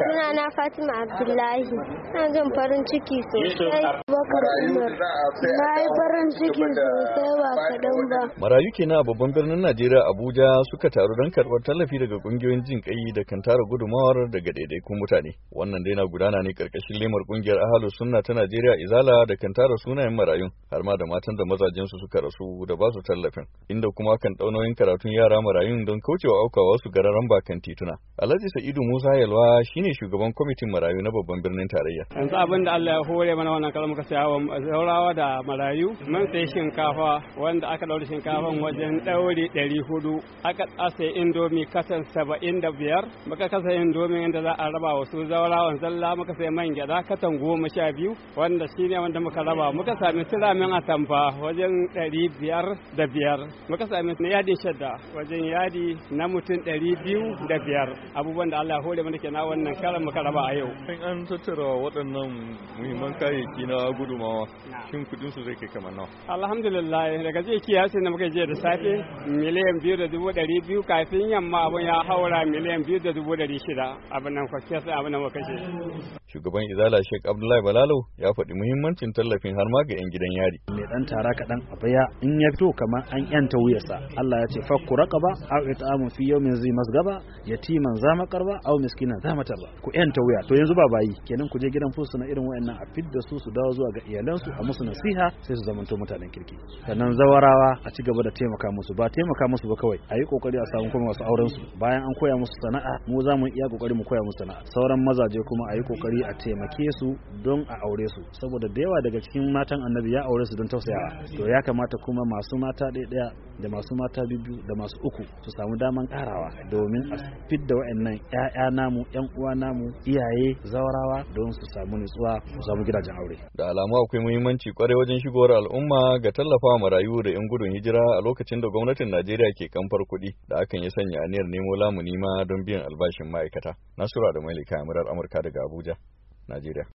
suna na fatima abdullahi na jin farin ciki sosai bakar umar na yi farin ciki sosai ba kaɗan ba marayu kenan a babban birnin najeriya abuja suka taru don karɓar tallafi daga ƙungiyoyin jin ƙai da kan tara gudumawar daga daidaikun mutane wannan dai na gudana ne ƙarƙashin lemar ƙungiyar ahalu suna ta najeriya izala da kan tara sunayen marayun har ma da matan da mazajensu suka rasu da ba su tallafin inda kuma kan ɗaunoyin karatun yara marayun don kaucewa aukawa su gararan bakan tituna alhaji sa'idu musa yalwa shine shine shugaban kwamitin marayu na babban birnin tarayya yanzu abin da Allah ya hore mana wannan kalmar ka saya saurawa da marayu mun sai shinkafa wanda aka daure shinkafan wajen daure hudu aka tsasa indomi kasan da biyar muka kasa indomi inda za a raba wasu zaurawan zalla muka sai man gyada katan goma sha biyu wanda shine wanda muka raba muka sami turamin atamfa wajen biyar da biyar muka sami yadin shadda wajen yadi na mutum biyar abubuwan da Allah ya hore mana kenan wannan karan makaraba a yau in an tattara waɗannan muhimman kayayyaki na gudumawa shin kudin su zai kai kamar nawa alhamdulillah daga jiya kiyasi da muka je da safe miliyan biyu da dubu ɗari biyu kafin yamma abin ya haura miliyan biyu da dubu ɗari shida abin nan kwakiyar sai abin nan muka shugaban izala sheik abdullahi balalo ya faɗi muhimmancin tallafin har ma ga 'yan gidan yari mai dan tara kaɗan a baya in ya fito kamar an yanta wuyarsa allah ya ce fakku raqaba aw it'amu fi yawmin zi masgaba yatiman za makarba aw miskinan za matarba ku yanta wuya to yanzu ba bayi kenan ku je gidan fusu na irin wayannan a fidda su su dawo zuwa ga iyalansu a musu nasiha sai su zamanto mutanen kirki sannan zawarawa a ci gaba da taimaka musu ba taimaka musu ba kawai a yi kokari a samu kuma masu auren su bayan an koya musu sana'a mu za mu iya kokari mu koya musu sana'a sauran mazaje kuma a yi kokari yi a taimake su don a aure su saboda da yawa daga cikin matan annabi ya aure su don tausayawa to ya kamata kuma masu mata ɗaya da masu mata biyu da masu uku su samu daman karawa domin a fidda wa'annan ƴaƴa namu ƴan uwa namu iyaye zawarawa don su samu nutsuwa su samu gidajen aure da alamu akwai muhimmanci kwarai wajen shigowar al'umma ga tallafawa marayu da yan gudun hijira a lokacin da gwamnatin Najeriya ke kamfar kuɗi da akan yi sanya aniyar nemo lamuni ma don biyan albashin ma'aikata Nasura da Malika murar Amurka daga Abuja Nigeria